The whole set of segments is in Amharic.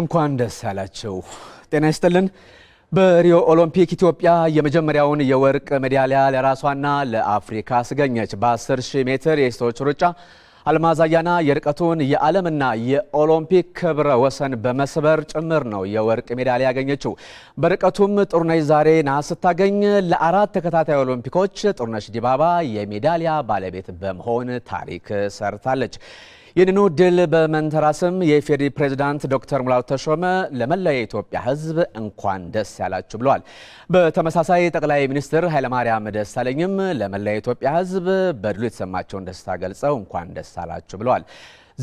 እንኳን ደስ አላቸው። ጤና ይስጥልን። በሪዮ ኦሎምፒክ ኢትዮጵያ የመጀመሪያውን የወርቅ ሜዳሊያ ለራሷና ለአፍሪካ አስገኘች። በ10 ሺህ ሜትር የሴቶች ሩጫ አልማዝ አያና የርቀቱን የዓለምና የኦሎምፒክ ክብረ ወሰን በመስበር ጭምር ነው የወርቅ ሜዳሊያ ያገኘችው። በርቀቱም ጥሩነሽ ዛሬ ስታገኝ ለአራት ተከታታይ ኦሎምፒኮች ጥሩነሽ ዲባባ የሜዳሊያ ባለቤት በመሆን ታሪክ ሰርታለች። ይህንኑ ድል በመንተራስም የኢፌዴሪ ፕሬዝዳንት ዶክተር ሙላቱ ተሾመ ለመላው የኢትዮጵያ ሕዝብ እንኳን ደስ ያላችሁ ብለዋል። በተመሳሳይ ጠቅላይ ሚኒስትር ኃይለማርያም ደሳለኝም ለመላው የኢትዮጵያ ሕዝብ በድሉ የተሰማቸውን ደስታ ገልጸው እንኳን ደስ አላችሁ ብለዋል።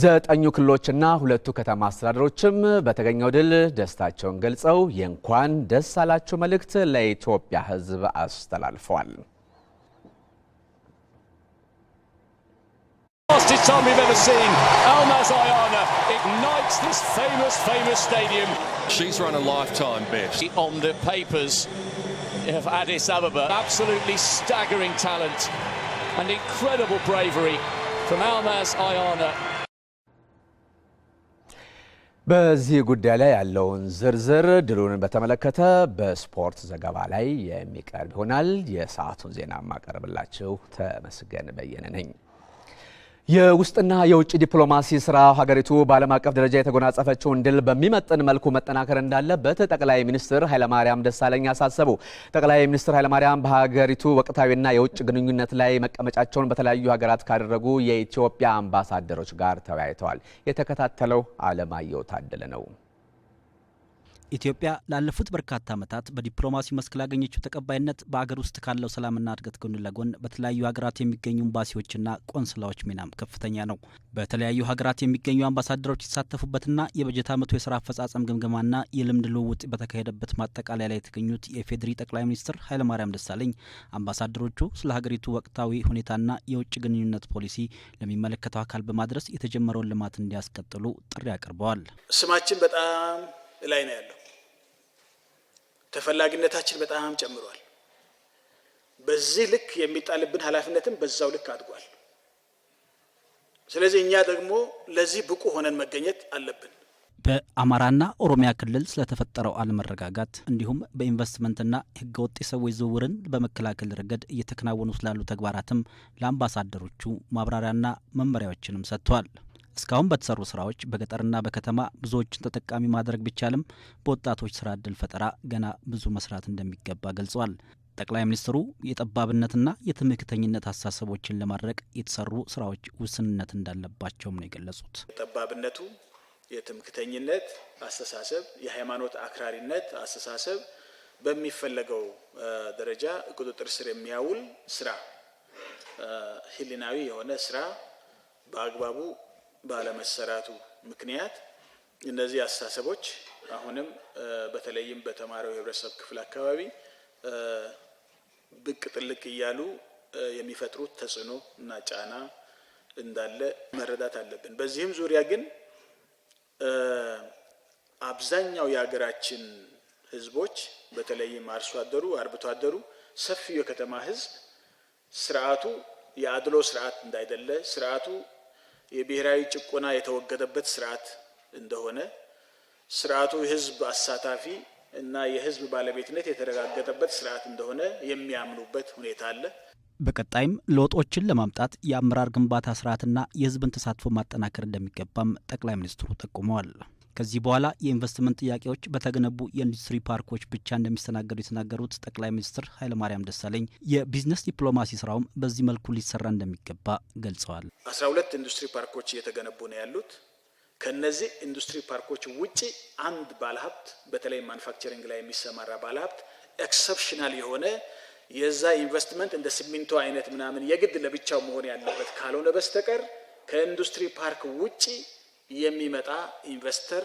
ዘጠኙ ክልሎችና ሁለቱ ከተማ አስተዳደሮችም በተገኘው ድል ደስታቸውን ገልጸው የእንኳን ደስ አላችሁ መልእክት ለኢትዮጵያ ሕዝብ አስተላልፈዋል። time we've ever seen. Almaz Ayana ignites this famous, famous stadium. She's run a lifetime best. On the papers of Addis Ababa. Absolutely staggering talent and incredible bravery from Almaz Ayana. በዚህ ጉዳይ ላይ ያለውን ዝርዝር ድሉን በተመለከተ በስፖርት ዘገባ ላይ የሚቀርብ ይሆናል። የሰዓቱን ዜና ማቀርብላችሁ ተመስገን በየነ ነኝ። የውስጥና የውጭ ዲፕሎማሲ ስራ ሀገሪቱ በዓለም አቀፍ ደረጃ የተጎናጸፈችውን ድል በሚመጥን መልኩ መጠናከር እንዳለበት ጠቅላይ ሚኒስትር ኃይለማርያም ደሳለኝ አሳሰቡ። ጠቅላይ ሚኒስትር ኃይለማርያም በሀገሪቱ ወቅታዊና የውጭ ግንኙነት ላይ መቀመጫቸውን በተለያዩ ሀገራት ካደረጉ የኢትዮጵያ አምባሳደሮች ጋር ተወያይተዋል። የተከታተለው አለማየሁ ታደለ ነው። ኢትዮጵያ ላለፉት በርካታ ዓመታት በዲፕሎማሲ መስክ ላገኘችው ተቀባይነት በአገር ውስጥ ካለው ሰላምና እድገት ጎን ለጎን በተለያዩ ሀገራት የሚገኙ ኤምባሲዎችና ቆንስላዎች ሚናም ከፍተኛ ነው። በተለያዩ ሀገራት የሚገኙ አምባሳደሮች የተሳተፉበትና የበጀት ዓመቱ የስራ አፈጻጸም ግምገማና የልምድ ልውውጥ በተካሄደበት ማጠቃለያ ላይ የተገኙት የኢፌዴሪ ጠቅላይ ሚኒስትር ኃይለማርያም ደሳለኝ አምባሳደሮቹ ስለ ሀገሪቱ ወቅታዊ ሁኔታና የውጭ ግንኙነት ፖሊሲ ለሚመለከተው አካል በማድረስ የተጀመረውን ልማት እንዲያስቀጥሉ ጥሪ አቅርበዋል። ስማችን በጣም ላይ ነው ያለው ተፈላጊነታችን በጣም ጨምሯል። በዚህ ልክ የሚጣልብን ኃላፊነትም በዛው ልክ አድጓል። ስለዚህ እኛ ደግሞ ለዚህ ብቁ ሆነን መገኘት አለብን። በአማራና ኦሮሚያ ክልል ስለተፈጠረው አለመረጋጋት እንዲሁም በኢንቨስትመንትና ወጥ የሰዎች ዝውውርን በመከላከል ረገድ እየተከናወኑ ስላሉ ተግባራትም ለአምባሳደሮቹ ማብራሪያና መመሪያዎችንም ሰጥቷል። እስካሁን በተሰሩ ስራዎች በገጠርና በከተማ ብዙዎችን ተጠቃሚ ማድረግ ቢቻልም በወጣቶች ስራ እድል ፈጠራ ገና ብዙ መስራት እንደሚገባ ገልጸዋል። ጠቅላይ ሚኒስትሩ የጠባብነትና የትምክተኝነት አስተሳሰቦችን ለማድረቅ የተሰሩ ስራዎች ውስንነት እንዳለባቸውም ነው የገለጹት። የጠባብነቱ የትምክተኝነት አስተሳሰብ፣ የሃይማኖት አክራሪነት አስተሳሰብ በሚፈለገው ደረጃ ቁጥጥር ስር የሚያውል ስራ፣ ህሊናዊ የሆነ ስራ በአግባቡ ባለመሰራቱ ምክንያት እነዚህ አስተሳሰቦች አሁንም በተለይም በተማሪው የህብረተሰብ ክፍል አካባቢ ብቅ ጥልቅ እያሉ የሚፈጥሩት ተጽዕኖ እና ጫና እንዳለ መረዳት አለብን። በዚህም ዙሪያ ግን አብዛኛው የሀገራችን ህዝቦች በተለይም አርሶ አደሩ፣ አርብቶ አደሩ፣ ሰፊው የከተማ ህዝብ ስርዓቱ የአድሎ ስርዓት እንዳይደለ ስርዓቱ የብሔራዊ ጭቆና የተወገደበት ስርዓት እንደሆነ ስርዓቱ የህዝብ አሳታፊ እና የህዝብ ባለቤትነት የተረጋገጠበት ስርዓት እንደሆነ የሚያምኑበት ሁኔታ አለ። በቀጣይም ለውጦችን ለማምጣት የአመራር ግንባታ ስርዓትና የህዝብን ተሳትፎ ማጠናከር እንደሚገባም ጠቅላይ ሚኒስትሩ ጠቁመዋል። ከዚህ በኋላ የኢንቨስትመንት ጥያቄዎች በተገነቡ የኢንዱስትሪ ፓርኮች ብቻ እንደሚስተናገዱ የተናገሩት ጠቅላይ ሚኒስትር ኃይለማርያም ደሳለኝ የቢዝነስ ዲፕሎማሲ ስራውም በዚህ መልኩ ሊሰራ እንደሚገባ ገልጸዋል። አስራ ሁለት ኢንዱስትሪ ፓርኮች እየተገነቡ ነው ያሉት። ከነዚህ ኢንዱስትሪ ፓርኮች ውጪ አንድ ባለሀብት በተለይ ማኑፋክቸሪንግ ላይ የሚሰማራ ባለሀብት ኤክሰፕሽናል የሆነ የዛ ኢንቨስትመንት እንደ ሲሚንቶ አይነት ምናምን የግድ ለብቻው መሆን ያለበት ካልሆነ በስተቀር ከኢንዱስትሪ ፓርክ ውጪ የሚመጣ ኢንቨስተር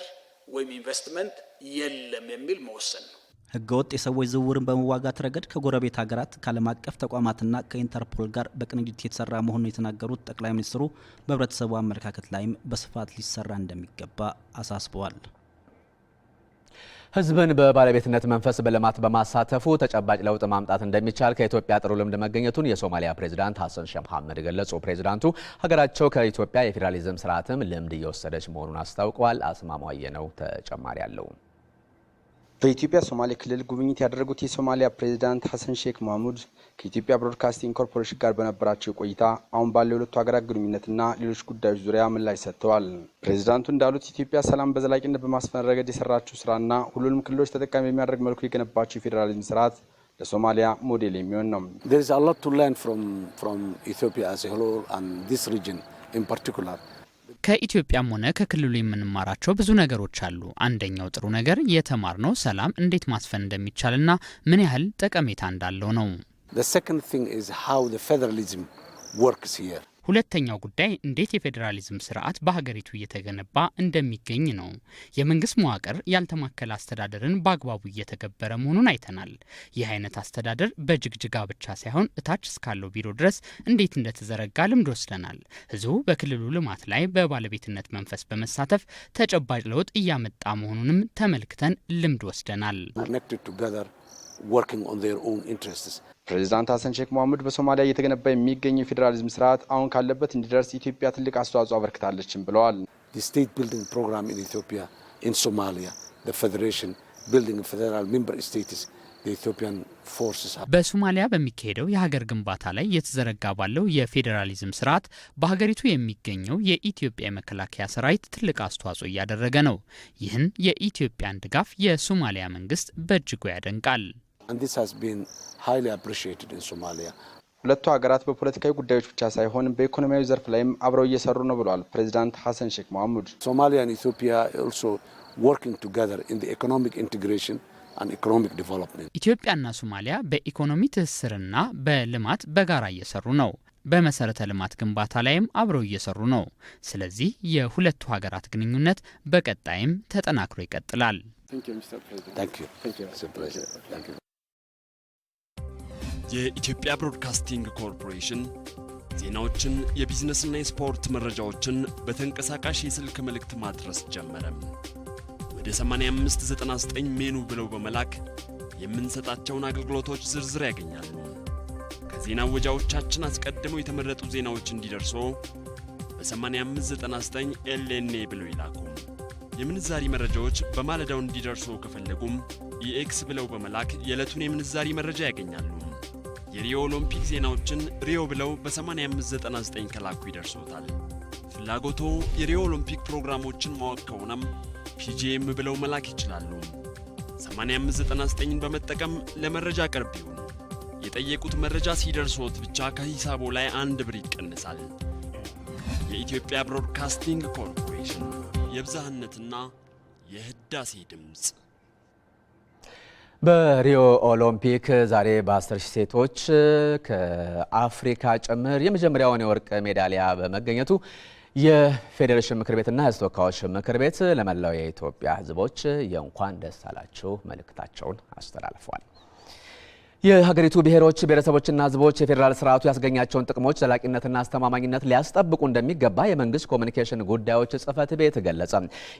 ወይም ኢንቨስትመንት የለም የሚል መወሰን ነው። ህገወጥ የሰዎች ዝውውርን በመዋጋት ረገድ ከጎረቤት ሀገራት ከዓለም አቀፍ ተቋማትና ከኢንተርፖል ጋር በቅንጅት የተሰራ መሆኑን የተናገሩት ጠቅላይ ሚኒስትሩ በህብረተሰቡ አመለካከት ላይም በስፋት ሊሰራ እንደሚገባ አሳስበዋል። ህዝብን በባለቤትነት መንፈስ በልማት በማሳተፉ ተጨባጭ ለውጥ ማምጣት እንደሚቻል ከኢትዮጵያ ጥሩ ልምድ መገኘቱን የሶማሊያ ፕሬዚዳንት ሀሰን ሼህ መሐመድ ገለጹ። ፕሬዚዳንቱ ሀገራቸው ከኢትዮጵያ የፌዴራሊዝም ስርዓትም ልምድ እየወሰደች መሆኑን አስታውቀዋል። አስማማየ ነው ተጨማሪ አለው። በኢትዮጵያ ሶማሌ ክልል ጉብኝት ያደረጉት የሶማሊያ ፕሬዚዳንት ሐሰን ሼክ መሐሙድ ከኢትዮጵያ ብሮድካስቲንግ ኮርፖሬሽን ጋር በነበራቸው ቆይታ አሁን ባለው የሁለቱ ሀገራት ግንኙነትና ሌሎች ጉዳዮች ዙሪያ ምላሽ ሰጥተዋል። ፕሬዚዳንቱ እንዳሉት ኢትዮጵያ ሰላም በዘላቂነት በማስፈን ረገድ የሰራችው ስራና ሁሉንም ክልሎች ተጠቃሚ በሚያደርግ መልኩ የገነባቸው የፌዴራሊዝም ስርዓት ለሶማሊያ ሞዴል የሚሆን ነው። ኢትዮጵያ ከኢትዮጵያም ሆነ ከክልሉ የምንማራቸው ብዙ ነገሮች አሉ። አንደኛው ጥሩ ነገር የተማርነው ሰላም እንዴት ማስፈን እንደሚቻልና ምን ያህል ጠቀሜታ እንዳለው ነው። ሁለተኛው ጉዳይ እንዴት የፌዴራሊዝም ስርዓት በሀገሪቱ እየተገነባ እንደሚገኝ ነው። የመንግስት መዋቅር ያልተማከለ አስተዳደርን በአግባቡ እየተገበረ መሆኑን አይተናል። ይህ አይነት አስተዳደር በጅግጅጋ ብቻ ሳይሆን እታች እስካለው ቢሮ ድረስ እንዴት እንደተዘረጋ ልምድ ወስደናል። ህዝቡ በክልሉ ልማት ላይ በባለቤትነት መንፈስ በመሳተፍ ተጨባጭ ለውጥ እያመጣ መሆኑንም ተመልክተን ልምድ ወስደናል። ፕሬዚዳንት ሀሰን ሼክ መሐመድ በሶማሊያ እየተገነባ የሚገኘው የፌዴራሊዝም ስርዓት አሁን ካለበት እንዲደርስ ኢትዮጵያ ትልቅ አስተዋጽኦ አበርክታለችም ብለዋል። በሶማሊያ በሚካሄደው የሀገር ግንባታ ላይ እየተዘረጋ ባለው የፌዴራሊዝም ስርዓት በሀገሪቱ የሚገኘው የኢትዮጵያ የመከላከያ ሰራዊት ትልቅ አስተዋጽኦ እያደረገ ነው። ይህን የኢትዮጵያን ድጋፍ የሶማሊያ መንግስት በእጅጉ ያደንቃል። ሁለቱ ሀገራት በፖለቲካዊ ጉዳዮች ብቻ ሳይሆን በኢኮኖሚያዊ ዘርፍ ላይም አብረው እየሰሩ ነው ብለዋል ፕሬዚዳንት ሀሰን ሼክ መሐሙድ። ሶማሊያ ኢትዮጵያና ሶማሊያ በኢኮኖሚ ትስስርና በልማት በጋራ እየሰሩ ነው። በመሰረተ ልማት ግንባታ ላይም አብረው እየሰሩ ነው። ስለዚህ የሁለቱ ሀገራት ግንኙነት በቀጣይም ተጠናክሮ ይቀጥላል። የኢትዮጵያ ብሮድካስቲንግ ኮርፖሬሽን ዜናዎችን፣ የቢዝነስና የስፖርት መረጃዎችን በተንቀሳቃሽ የስልክ መልእክት ማድረስ ጀመረም። ወደ 8599 ሜኑ ብለው በመላክ የምንሰጣቸውን አገልግሎቶች ዝርዝር ያገኛሉ። ከዜና ወጃዎቻችን አስቀድመው የተመረጡ ዜናዎች እንዲደርሶ በ8599 ኤልኤንኤ ብለው ይላኩ። የምንዛሪ መረጃዎች በማለዳው እንዲደርሶ ከፈለጉም ኢኤክስ ብለው በመላክ የዕለቱን የምንዛሪ መረጃ ያገኛሉ። የሪዮ ኦሎምፒክ ዜናዎችን ሪዮ ብለው በ8599 ከላኩ ይደርሶታል። ፍላጎቶ የሪዮ ኦሎምፒክ ፕሮግራሞችን ማወቅ ከሆነም ፒጂኤም ብለው መላክ ይችላሉ። 8599ን በመጠቀም ለመረጃ ቅርብ ይሁኑ። የጠየቁት መረጃ ሲደርሶት ብቻ ከሂሳቦ ላይ አንድ ብር ይቀንሳል። የኢትዮጵያ ብሮድካስቲንግ ኮርፖሬሽን የብዝሃነትና የህዳሴ ድምፅ በሪዮ ኦሎምፒክ ዛሬ በ10 ሴቶች ከአፍሪካ ጭምር የመጀመሪያውን የወርቅ ሜዳሊያ በመገኘቱ የፌዴሬሽን ምክር ቤትና ሕዝብ ተወካዮች ምክር ቤት ለመላው የኢትዮጵያ ሕዝቦች የእንኳን ደስ አላችሁ መልእክታቸውን አስተላልፈዋል። የሀገሪቱ ብሔሮች ብሔረሰቦችና ህዝቦች የፌዴራል ስርዓቱ ያስገኛቸውን ጥቅሞች ዘላቂነትና አስተማማኝነት ሊያስጠብቁ እንደሚገባ የመንግስት ኮሚኒኬሽን ጉዳዮች ጽህፈት ቤት ገለጸ።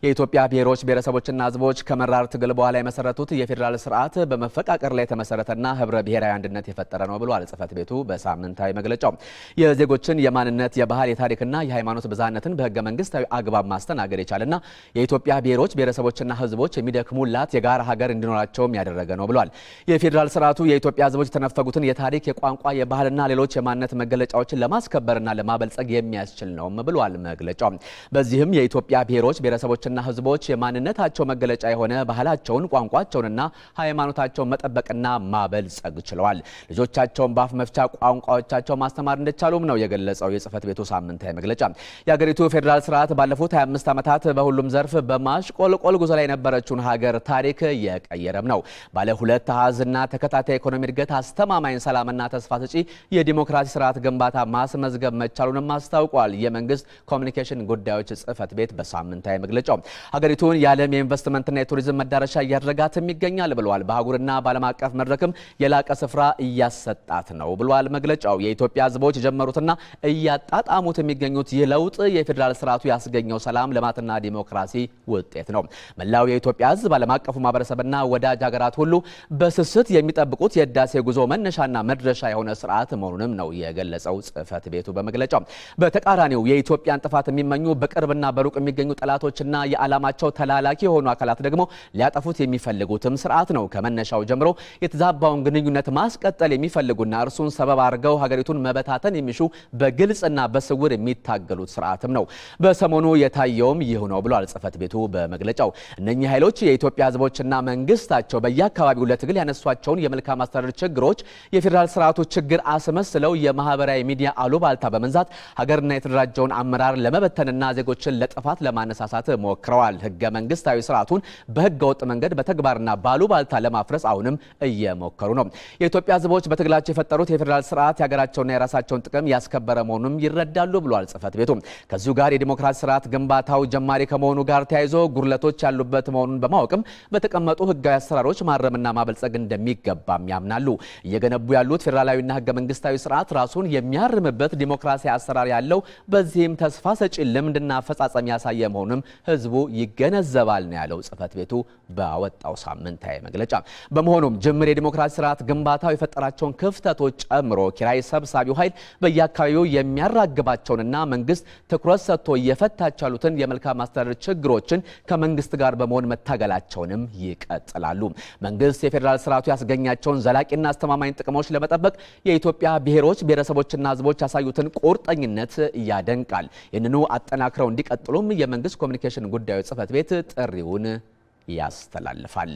የኢትዮጵያ ብሔሮች ብሔረሰቦችና ህዝቦች ከመራር ትግል በኋላ የመሰረቱት የፌዴራል ስርዓት በመፈቃቀር ላይ የተመሰረተና ህብረ ብሔራዊ አንድነት የፈጠረ ነው ብሏል ጽህፈት ቤቱ በሳምንታዊ መግለጫው። የዜጎችን የማንነት የባህል፣ የታሪክና የሃይማኖት ብዝሃነትን በህገ መንግስታዊ አግባብ ማስተናገድ የቻለና የኢትዮጵያ ብሔሮች ብሔረሰቦችና ህዝቦች የሚደክሙላት የጋራ ሀገር እንዲኖራቸውም ያደረገ ነው ብሏል። የፌዴራል ስርዓቱ የኢትዮጵያ ሕዝቦች የተነፈጉትን የታሪክ፣ የቋንቋ፣ የባህልና ሌሎች የማንነት መገለጫዎችን ለማስከበርና ለማበልጸግ የሚያስችል ነውም ብሏል መግለጫው። በዚህም የኢትዮጵያ ብሔሮች ብሔረሰቦችና ሕዝቦች የማንነታቸው መገለጫ የሆነ ባህላቸውን፣ ቋንቋቸውንና ሃይማኖታቸውን መጠበቅና ማበልጸግ ችለዋል። ልጆቻቸውን በአፍ መፍቻ ቋንቋዎቻቸው ማስተማር እንደቻሉም ነው የገለጸው የጽህፈት ቤቱ ሳምንታዊ መግለጫ። የሀገሪቱ ፌዴራል ስርዓት ባለፉት 25 ዓመታት በሁሉም ዘርፍ በማሽቆልቆል ጉዞ ላይ የነበረችውን ሀገር ታሪክ የቀየረም ነው። ባለ ሁለት አሃዝና ተከታታይ ኢኮኖሚ የኢኮኖሚ እድገት፣ አስተማማኝ ሰላምና ተስፋ ሰጪ የዲሞክራሲ ስርዓት ግንባታ ማስመዝገብ መቻሉንም አስታውቋል። የመንግስት ኮሚኒኬሽን ጉዳዮች ጽህፈት ቤት በሳምንታዊ መግለጫው ሀገሪቱን የዓለም የኢንቨስትመንትና የቱሪዝም መዳረሻ እያደረጋትም ይገኛል ብለዋል። በአህጉርና በዓለም አቀፍ መድረክም የላቀ ስፍራ እያሰጣት ነው ብለዋል መግለጫው። የኢትዮጵያ ህዝቦች የጀመሩትና እያጣጣሙት የሚገኙት ይህ ለውጥ የፌዴራል ስርዓቱ ያስገኘው ሰላም ልማትና ዲሞክራሲ ውጤት ነው። መላው የኢትዮጵያ ህዝብ፣ ዓለም አቀፉ ማህበረሰብና ወዳጅ ሀገራት ሁሉ በስስት የሚጠብቁት የህዳሴ ጉዞ መነሻና መድረሻ የሆነ ስርዓት መሆኑንም ነው የገለጸው ጽህፈት ቤቱ በመግለጫው። በተቃራኒው የኢትዮጵያን ጥፋት የሚመኙ በቅርብና በሩቅ የሚገኙ ጠላቶችና የዓላማቸው ተላላኪ የሆኑ አካላት ደግሞ ሊያጠፉት የሚፈልጉትም ስርዓት ነው። ከመነሻው ጀምሮ የተዛባውን ግንኙነት ማስቀጠል የሚፈልጉና እርሱን ሰበብ አድርገው ሀገሪቱን መበታተን የሚሹ በግልጽና በስውር የሚታገሉት ስርዓትም ነው። በሰሞኑ የታየውም ይህ ነው ብሏል ጽህፈት ቤቱ በመግለጫው። እነኚህ ኃይሎች የኢትዮጵያ ህዝቦችና መንግስታቸው በየአካባቢው ለትግል ያነሷቸውን የመልካም የአስተዳደር ችግሮች የፌዴራል ስርዓቱ ችግር አስመስለው የማህበራዊ ሚዲያ አሉባልታ በመንዛት ሀገርና የተደራጀውን አመራር ለመበተንና ዜጎችን ለጥፋት ለማነሳሳት ሞክረዋል። ህገ መንግስታዊ ስርዓቱን በህገ ወጥ መንገድ በተግባርና በአሉባልታ ለማፍረስ አሁንም እየሞከሩ ነው። የኢትዮጵያ ህዝቦች በትግላቸው የፈጠሩት የፌዴራል ስርዓት የሀገራቸውና የራሳቸውን ጥቅም ያስከበረ መሆኑንም ይረዳሉ ብሏል ጽህፈት ቤቱ። ከዚሁ ጋር የዲሞክራሲ ስርዓት ግንባታው ጀማሪ ከመሆኑ ጋር ተያይዞ ጉድለቶች ያሉበት መሆኑን በማወቅም በተቀመጡ ህጋዊ አሰራሮች ማረምና ማበልጸግ እንደሚገባም ያምናሉ። እየገነቡ ያሉት ፌዴራላዊና ህገ መንግስታዊ ስርዓት ራሱን የሚያርምበት ዲሞክራሲ አሰራር ያለው በዚህም ተስፋ ሰጪ ልምድና አፈጻጸም ያሳየ መሆኑም ህዝቡ ይገነዘባል ነው ያለው ጽህፈት ቤቱ ባወጣው ሳምንታዊ መግለጫ። በመሆኑም ጅምር የዲሞክራሲ ስርዓት ግንባታው የፈጠራቸውን ክፍተቶች ጨምሮ ኪራይ ሰብሳቢው ኃይል በየአካባቢው የሚያራግባቸውንና መንግስት ትኩረት ሰጥቶ እየፈታቸው ያሉትን የመልካም አስተዳደር ችግሮችን ከመንግስት ጋር በመሆን መታገላቸውንም ይቀጥላሉ። መንግስት የፌዴራል ስርዓቱ ያስገኛቸውን ዘላቂና አስተማማኝ ጥቅሞች ለመጠበቅ የኢትዮጵያ ብሔሮች ብሔረሰቦችና ህዝቦች ያሳዩትን ቁርጠኝነት ያደንቃል። ይህንኑ አጠናክረው እንዲቀጥሉም የመንግስት ኮሚኒኬሽን ጉዳዮች ጽህፈት ቤት ጥሪውን ያስተላልፋል።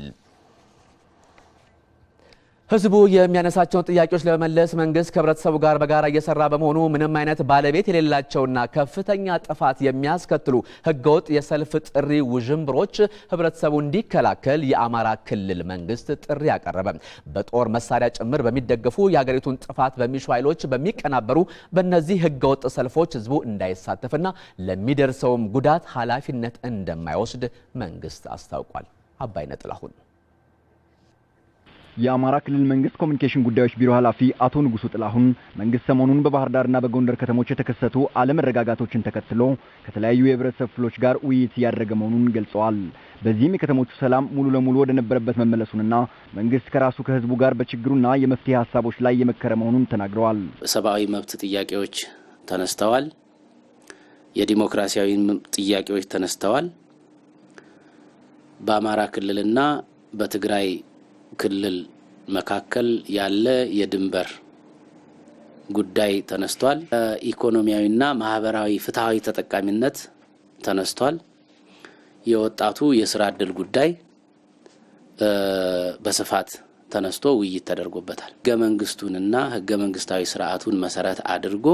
ህዝቡ የሚያነሳቸውን ጥያቄዎች ለመመለስ መንግስት ከህብረተሰቡ ጋር በጋራ እየሰራ በመሆኑ ምንም አይነት ባለቤት የሌላቸውና ከፍተኛ ጥፋት የሚያስከትሉ ህገወጥ የሰልፍ ጥሪ ውዥንብሮች ህብረተሰቡ እንዲከላከል የአማራ ክልል መንግስት ጥሪ አቀረበ። በጦር መሳሪያ ጭምር በሚደገፉ የሀገሪቱን ጥፋት በሚሹ ኃይሎች በሚቀናበሩ በእነዚህ ህገወጥ ሰልፎች ህዝቡ እንዳይሳተፍና ለሚደርሰውም ጉዳት ኃላፊነት እንደማይወስድ መንግስት አስታውቋል። አባይነጥላሁን የአማራ ክልል መንግስት ኮሚኒኬሽን ጉዳዮች ቢሮ ኃላፊ አቶ ንጉሱ ጥላሁን መንግስት ሰሞኑን በባህር ዳርና በጎንደር ከተሞች የተከሰቱ አለመረጋጋቶችን ተከትሎ ከተለያዩ የህብረተሰብ ክፍሎች ጋር ውይይት እያደረገ መሆኑን ገልጸዋል። በዚህም የከተሞቹ ሰላም ሙሉ ለሙሉ ወደ ነበረበት መመለሱንና መንግስት ከራሱ ከህዝቡ ጋር በችግሩና የመፍትሄ ሀሳቦች ላይ የመከረ መሆኑን ተናግረዋል። ሰብአዊ መብት ጥያቄዎች ተነስተዋል። የዲሞክራሲያዊ ጥያቄዎች ተነስተዋል። በአማራ ክልልና በትግራይ ክልል መካከል ያለ የድንበር ጉዳይ ተነስቷል። ኢኮኖሚያዊና ማህበራዊ ፍትሐዊ ተጠቃሚነት ተነስቷል። የወጣቱ የስራ እድል ጉዳይ በስፋት ተነስቶ ውይይት ተደርጎበታል። ህገ መንግስቱንና ህገ መንግስታዊ ስርዓቱን መሰረት አድርጎ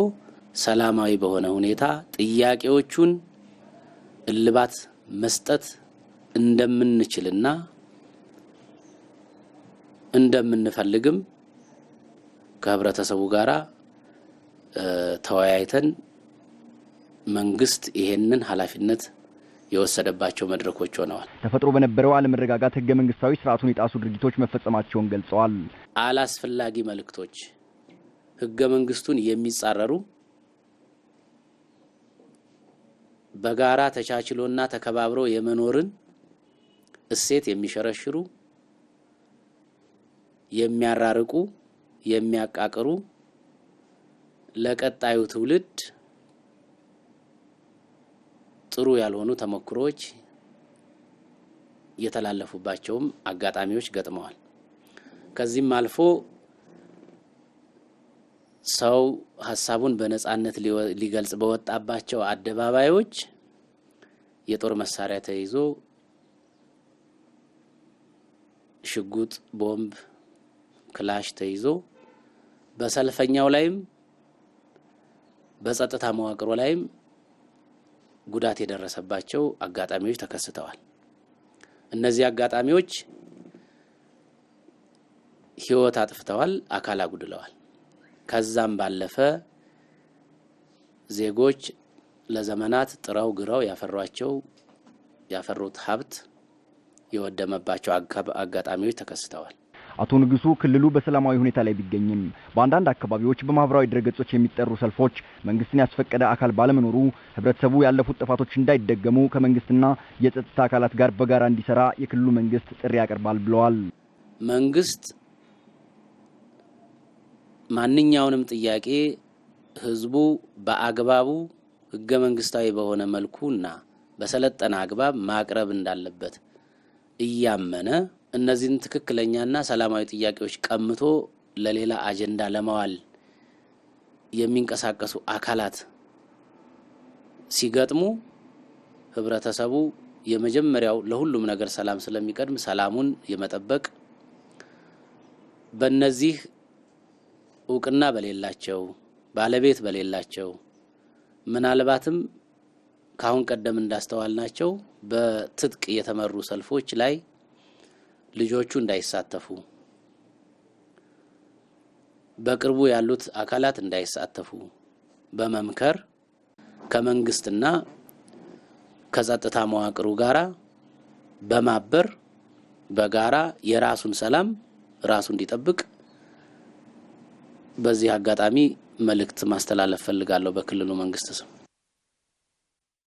ሰላማዊ በሆነ ሁኔታ ጥያቄዎቹን እልባት መስጠት እንደምንችልና እንደምንፈልግም ከህብረተሰቡ ጋር ተወያይተን መንግስት ይሄንን ኃላፊነት የወሰደባቸው መድረኮች ሆነዋል። ተፈጥሮ በነበረው አለመረጋጋት ህገ መንግስታዊ ስርዓቱን የጣሱ ድርጊቶች መፈጸማቸውን ገልጸዋል። አላስፈላጊ መልእክቶች፣ ህገ መንግስቱን የሚጻረሩ በጋራ ተቻችሎና ተከባብሮ የመኖርን እሴት የሚሸረሽሩ የሚያራርቁ፣ የሚያቃቅሩ ለቀጣዩ ትውልድ ጥሩ ያልሆኑ ተሞክሮዎች የተላለፉባቸውም አጋጣሚዎች ገጥመዋል። ከዚህም አልፎ ሰው ሀሳቡን በነጻነት ሊገልጽ በወጣባቸው አደባባዮች የጦር መሳሪያ ተይዞ ሽጉጥ፣ ቦምብ ክላሽ ተይዞ በሰልፈኛው ላይም በጸጥታ መዋቅሩ ላይም ጉዳት የደረሰባቸው አጋጣሚዎች ተከስተዋል። እነዚህ አጋጣሚዎች ሕይወት አጥፍተዋል፣ አካል አጉድለዋል። ከዛም ባለፈ ዜጎች ለዘመናት ጥረው ግረው ያፈሯቸው ያፈሩት ሀብት የወደመባቸው አጋጣሚዎች ተከስተዋል። አቶ ንጉሱ ክልሉ በሰላማዊ ሁኔታ ላይ ቢገኝም በአንዳንድ አካባቢዎች በማህበራዊ ድረገጾች የሚጠሩ ሰልፎች መንግስትን ያስፈቀደ አካል ባለመኖሩ ህብረተሰቡ ያለፉት ጥፋቶች እንዳይደገሙ ከመንግስትና የጸጥታ አካላት ጋር በጋራ እንዲሰራ የክልሉ መንግስት ጥሪ ያቀርባል ብለዋል። መንግስት ማንኛውንም ጥያቄ ህዝቡ በአግባቡ ህገ መንግስታዊ በሆነ መልኩ እና በሰለጠነ አግባብ ማቅረብ እንዳለበት እያመነ እነዚህን ትክክለኛና ሰላማዊ ጥያቄዎች ቀምቶ ለሌላ አጀንዳ ለማዋል የሚንቀሳቀሱ አካላት ሲገጥሙ ህብረተሰቡ የመጀመሪያው ለሁሉም ነገር ሰላም ስለሚቀድም ሰላሙን የመጠበቅ በእነዚህ እውቅና በሌላቸው ባለቤት በሌላቸው ምናልባትም ከአሁን ቀደም እንዳስተዋል ናቸው በትጥቅ የተመሩ ሰልፎች ላይ ልጆቹ እንዳይሳተፉ፣ በቅርቡ ያሉት አካላት እንዳይሳተፉ በመምከር ከመንግስትና ከጸጥታ መዋቅሩ ጋራ በማበር በጋራ የራሱን ሰላም ራሱ እንዲጠብቅ በዚህ አጋጣሚ መልእክት ማስተላለፍ ፈልጋለሁ በክልሉ መንግስት ስም።